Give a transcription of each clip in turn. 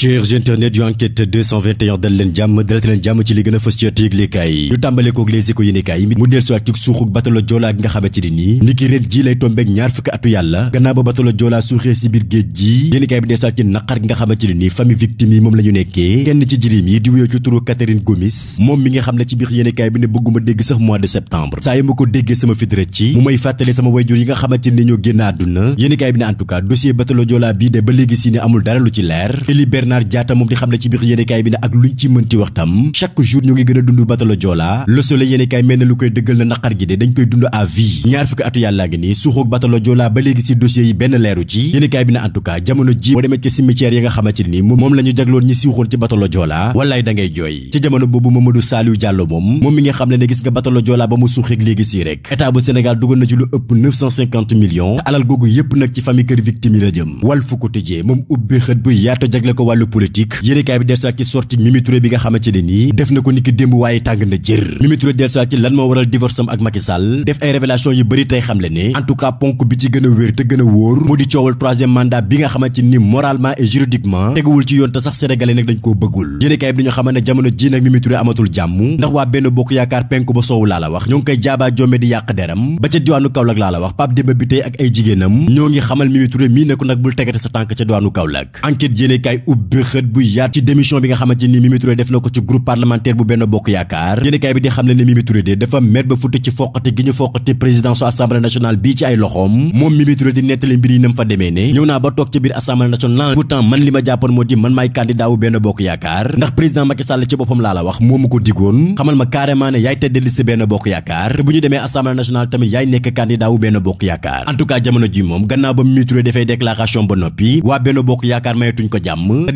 chers internet yu enquête jàmm dalate jàmm ci li gën a fës yi ñu tàmbale koog les éco mu del suwaat ci suuxuk batalo Joola gi nga xamante ni nii ni ki ren lay tombeeg ñaar fukki atu yàlla gannaaw ba batalo Joola suuxee si géej gi yéenekaay bi del suwaat ci naqar gi nga xamante ni nii famille victime yi moom la nekkee kenn ci jirim yi di wuyoo ci turu Catherine Gomis moom mi nga xam ne ci biir yéenekaay bi ne bëgguma Bernard Diatta moom di xam ne ci biir yéenekaay bi ne ak luñ ci mënti wax tam chaque jour ñu ngi gën dund batalo joola Le Soleil mel na lu koy dëggal na naqar gi de dañ koy dund à vie ñaar fukki atu yàllaa ngi nii suuxoog batalo joola ba léegi ci dossier yi benn leeru ci yéenekaay bi ne en jamono ji boo demee ci cimetière yi nga xamante ni moom la jagloon ñi siwxoon ci batalo joola wallaay da ngay jooy ci jamono boobu Mamadou Saliou Diallo moom wàllu politique yéenekaay bi dellusiwaat ci sorti Mimi bi nga xamante ne nii def na ko niki démb waaye tàng na jër Mimi Touré ci lan moo waral divorce ak Macky def ay révélation yu bëri tey xamle ne en tout cas ponk bi ci gën a wér te gën a wóor moo di coowal troisième mandat bi nga xamante ni moralement et juridiquement teguwul ci yoon te sax sénégalais nag dañ koo bëggul yéenekaay bi dañu xamante ne jamono ji nag Mimi Touré amatul jàmm ndax waa benn bokk wax ñoo ngi koy jaabaa joome di yàq ay jigéenam ñoo ngi xamal Mimi Touré mii ne ko sa tànk ca diwaanu Kaolack bëxët bu yaat ci démission bi nga xamante ni Mimi def na ko ci groupe parlementaire bu benn bokk yaakaar yéenekaay bi di xam ne ne Mimi de dafa mer ba futti ci foqati gi ñu foqati président su nationale bii ci ay loxoom moom Mimi di nettali mbir yi nam fa demee ne ñëw naa ba toog ci biir assemblée nationale pourtant man li ma jàppoon moo di man maay candidat wu benn bokk yaakaar ndax président Macky ci boppam laa la wax moomu ko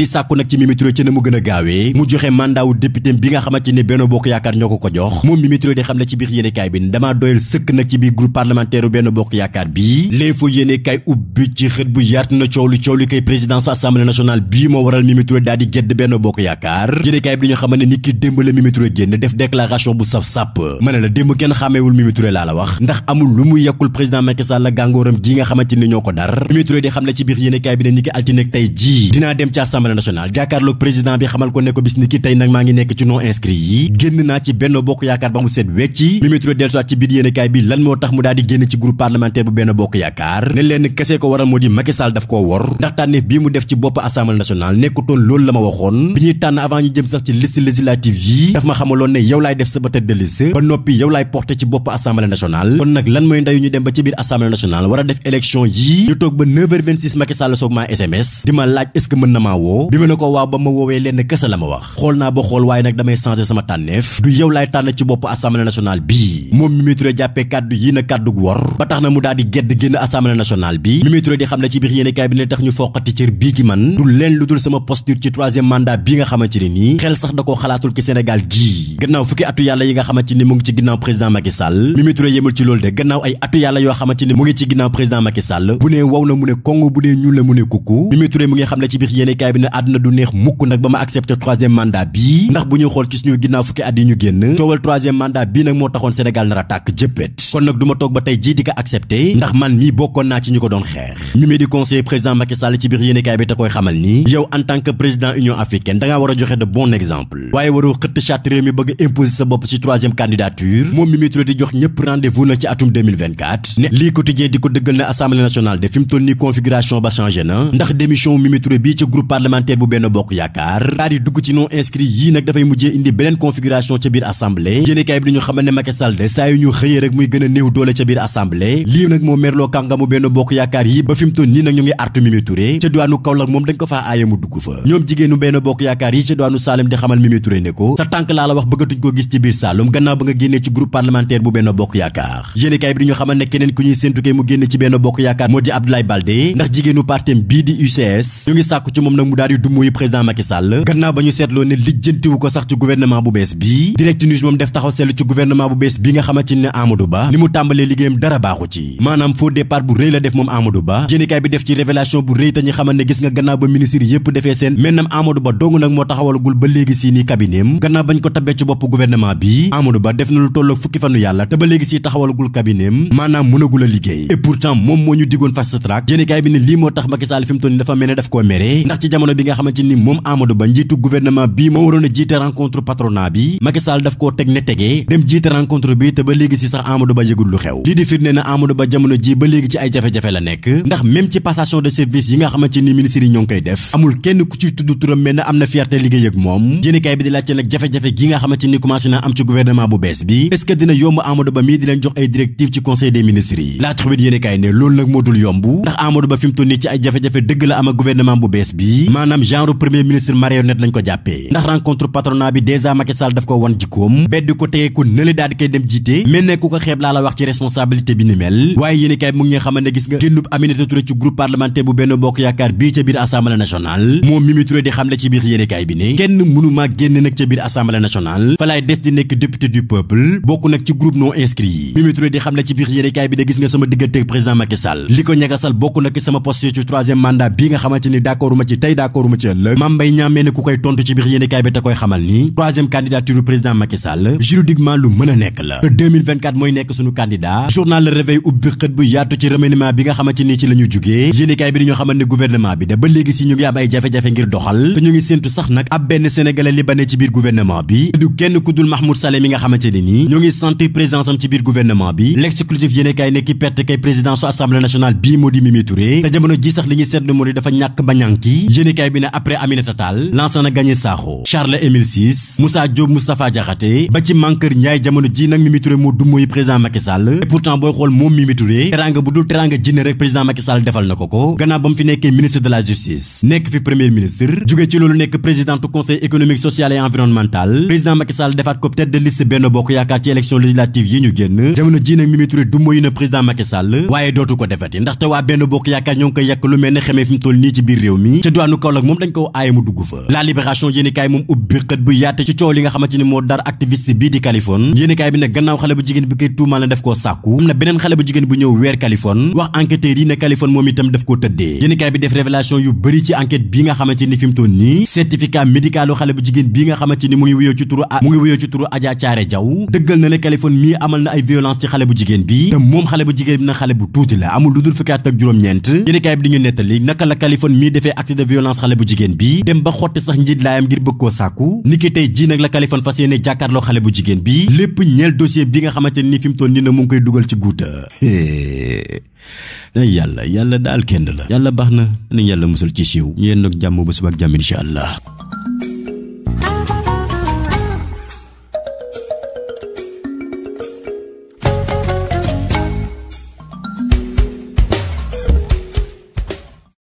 di sàkku nag ci Mimi ci na mu gën a gaawee mu joxe mandat wu bi nga xamante ni Bokk Yaakaar ñoo ko ko jox moom Mimi di xam ne ci biir yéenekaay bi ne nit ki démb tey jii dinaa dem ci assemblée nationale jàkkaarloog président bi xamal ko ne ko bis ni ki tey nag maa ngi nekk ci non inscrit yi génn naa ci benn bokk yaakaar ba mu seet wecci Mimi Touré dellusiwaat ci biir yéenekaay bi lan moo tax mu daal génn ci groupe parlementaire bu benn bokk yaakaar ne leen kese ko waral moo di Macky Sall daf wor ndax tànneef bii mu def ci bopp assemblée nationale nekkutoon loolu la ma waxoon bi ñuy tànn avant ñu jëm sax ci liste législative yi daf ma na woo bi ma ne ko waaw ba ma woowee lenn kese la ma wax xool naa ba xool waaye nag damay changer sama tànneef du yow laay tànn ci bopp assemblée nationale bii moom Mimi Touré kàddu yi na kàddu wor ba tax na mu daal gedd génn assemblée nationale bi Mimi di xam ne ci biir yéenekaay bi ne tax ñu foqati cër bii gi man du leen lu dul sama posture ci troisième mandat bi nga xamante ne nii xel sax da koo xalaatul ci Sénégal gii gannaaw fukki atu yàlla ne àdduna du neex mukk nag ba ma accepté troisième mandat bii ndax bu ñuy xool ci suñu ginnaaw fukki at yi ñu génn coowal troisième mandat bii nag moo taxoon Sénégal nar a tàkk kon nag du toog ba tey jii di ko accepté ndax man mii bokkoon naa ci ñu ko doon xeex mi mi di conseiller président Macky Sall ci biir yéenekaay bi te koy xamal ni yow en tant que président Union africaine dangaa war a joxe de bon exemple waaye waroo xëtt charte mi bëgg parlementaire dugg ci non inscrit yii nag dafay mujjee indi beneen configuration ca biir assemblée yéenekaay bi ñu xamal ne Macky Sall de saa yu ñu xëyee rek muy gën néew doole ca biir assemblée lii nag moo merloo kàngamu benn bokk yaakaar yi ba fi mu nii nag ñu ngi artu Mimi Touré ca diwaanu Kaolack moom dañ ko faa aaye dugg fa ñoom jigéenu benn bokk yaakaar yi ca diwaanu Saalum di xamal Mimi Touré ne ko sa tànk laa la wax bëggatuñ ko gis ci biir daal di dumóoyu président Macky gannaaw ba ñu seetloo ne lijjantiwu ko sax ci gouvernement bu bees bii direct news moom def taxaw seetlu ci gouvernement bu bees bi nga xamante ne Amadou Ba ni mu tàmbalee liggéeyam dara baaxu ci maanaam faux départ bu rëy la def moom Amadou Ba jénikaay bi def ci révélation bu rëy te ñu xamal ne gis nga gannaaw ba ministre yëpp defee seen maintenant Amadou Ba dong nag moo taxawalagul ba léegi si ni kabineem gannaaw Ba a ñu digoon journée bi nga xamante ni moom Amadou Ba njiitu gouvernement bii moo waroon a jiite rencontre patronat bi Macky Sall daf teg ne tegee dem jiite rencontre bi te ba léegi si sax Amadou Ba yëgul lu xew lii di firnde na Amadou Ba jamono ji ba léegi ci ay jafe-jafe la nekk ndax même ci passation de service yi nga xamante ni ministre yi ñoo ngi koy def amul kenn ku ciy tudd turam mel am na fierté liggéey ak moom yéenekaay bi di laajte nag jafe-jafe gi nga xamante maanaam genre premier ministre marionnette lañ ko jàppee ndax rencontre patronat bi dèjà Macky Sall daf ko wan jikkoom beddi ko tegee ko nële daal ne gis nga génnub bi ne kenn mënumaa génn nag ca biir assemblée nationale fa laay des di nekk député du peuple bokk nag ci groupe non inscrit yi Mimi Touré di xamle ci biir yéen bi ne gis nga sama diggante président Macky li ko ñagasal bokk nag sama posture ci troisième mandat bi nga xamante ni d'accorduma ci d'accord mu ci ëllëg ku koy tontu ci biir yéenekaay bi te koy xamal ni troisième candidature président Macky Sall lu mën a nekk la mooy nekk suñu candidat journal Le Réveil ubbi xët bu yaatu ci remaniement bi nga xamante ni ci bi dañoo léegi si ñu ngi am ay jafe-jafe ngir doxal te ñu ngi séntu sax nag ab benn sénégalais libanais ci biir gouvernement bi du kenn ku dul Saleh mi nga xamante ni nii ñoo ngi sentir présence ci yéenekaay bi ne après Aminata Tall Lansana Charles Émile Ciss Moussa Diop Moustapha ba ci Mankeur Ndiaye jamono ji nag Mimi moo dummóoyu président Macky Sall pourtant booy xool moom Mimi Touré bu dul teranga jinne rek président Macky defal na ko ko gannaaw ba mu fi nekkee ministre de la justice nekk fi premier ministre jóge ci loolu nekk président conseil économique social et environnemental président Macky defaat ko tête de liste Benno psychologue moom dañ ko aaye mu dugg fa la libération yéenekaay moom ubbi xët bu yaate ci coow li nga xamante ni moo dar activiste bii di Kaliphone yéenekaay bi ne gannaaw xale bu jigéen bi koy tuumaal ne def koo sàkku moom itam daf koo tëddee yéenekaay bi def révélation yu bëri ci enquête bi nga xamante ni fi mu nii certificat médicalu xale bu jigéen bi nga xamante ci turu mu ngi wuyoo ci turu Adja Thiaré Diaw dëggal na ne Kaliphone mii amal na ay violence ci xale xale bu jigéen bi dem ba xotti sax njiit laayam ngir bëgg koo sàkku niki tey ji nag la Kaliphone fas yéene jàkkaarloo xale bu jigéen bi lépp ñeel dossier bi nga xamante ni fim mu toll nii na mu ngi koy dugal ci guuta day yàlla yàlla daal kenn la yàlla baax na nañ yàlla musal ci siw ñu yéen nag jàmm ba suba ak jàmm incha allah